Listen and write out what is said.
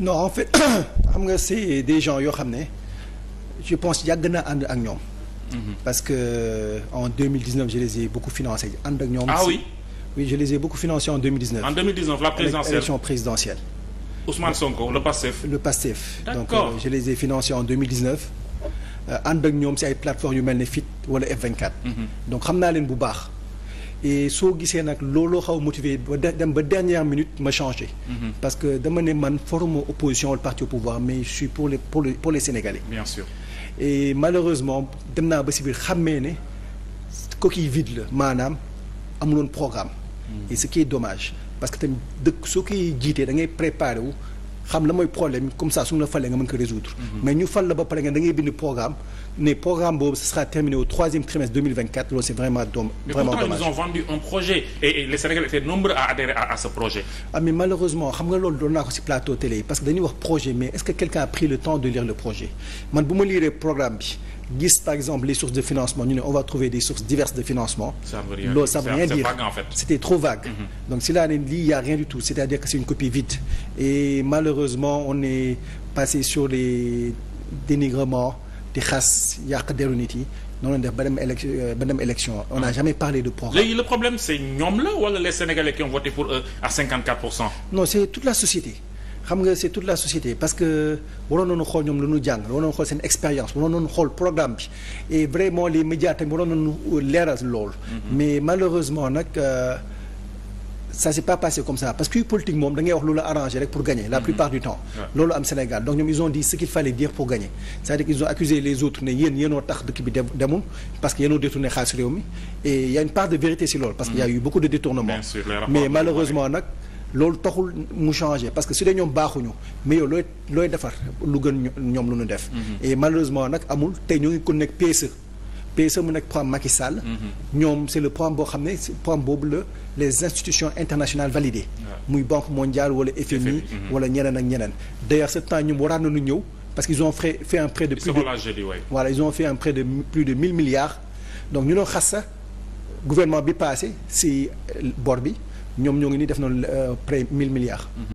non en fait xam yoo xam ne je pense yàgg naa ànd ak ñoom. Mhm. parce que euh, en 2019 je les ai beaucoup financés ànd ak ñoom. ah oui oui je les ai beaucoup financés en 2019. en 2019 la présidentielle élection présidentielle. Ousmane Sonko le PASTEF. le PASTEF euh, euh, ñoom si ay plateformes yu mel ne FIT wala F24. Mhm. donc baax. soo gisee nag looloo xaw motivé ba dem ba dernière minute ma changé. Mm-hmm. parce que dama ne man forme opposition le parti au pouvoir mais je suis pour les pour les pour et malheureusement dem naa ba si biir xàmmee ne coquille vide la maanaam amuloon programme. Mm-hmm. et ce qui est dommage parce que tamit dëkk soo koy jiitee da ngay préparé wu. xam la mooy problème comme ça suñu la falee nga mën ko résoudre mais ñu fal la ba pare nga da ngay bind programme ne programme boobu ce sera terminé au troisième trimestre 2024 loolu c'est vraiment doom mais projet et les Sénégalais étaient à adhérer à ce projet ah malheureusement xam nga loolu doon naa ko plateau télé parce que dañuy wax projet mais est-ce que quelqu'un a pris le temps de lire le projet man bu ma liiree programme bi gis par exemple les sources de financement ñu ne on va trouver des sources diverses de financement loolu trop vague mhm. si laa ne lii y a rien du tout cest que c'est une copie vide et malheureusement on est passé sur les dénigrements di xas yàq deru nit yi noonu def ba dem élection euh, ba dem élection on n'a ah. jamais parlé de programme. léegi le problème c'est ñoom la wala les Sénégalais qui ont voté pour eux cent. non c'est toute la société xam nga c'est toute la société parce que waroon nañu xool ñoom lu ñu jàng waroon nañu xool seen expérience waroon nañu xool programme bi et vraiment les médias tamit waroon nañu leeral loolu. Mm-hmm. mais malheureusement nag. Euh, ça s'est pas passé comme ça parce que politique moom da wax lu la arrangé pour gagner la mm-hmm. plupart du temps loolu am Sénégal donc ñoom ils ont dit ce qu'il fallait dire pour gagner c'est-à-dire qu'ils ont accusé les autres ne yéen yéenoo a loolu taxul mu changé parce que su dee ñoom baaxuñu mais yow looy looy defar lu gën ñoom lu ñu def. Mm-hmm. et malheureusement nag amul tey ñoo ngi ko nekk PSE. PSE mu nekk programme Macky Sall. Mm-hmm. ñoom c' le point e boo xam ne programme boobu la les institutions internationales validées. muy banque mondiale wala FMI. Mm-hmm. wala ñeneen ak ñeneen. d' ailleurs ce temps ñoom waraan nañu ñëw parce que ils ont fait fait un prêt de. plus de voilà ils ont fait un prêt de plus de 1000 milliards donc ñu doon xas sax gouvernement bi si bor bi. ñoom ñoo ngi nii def na euh, près mille milliards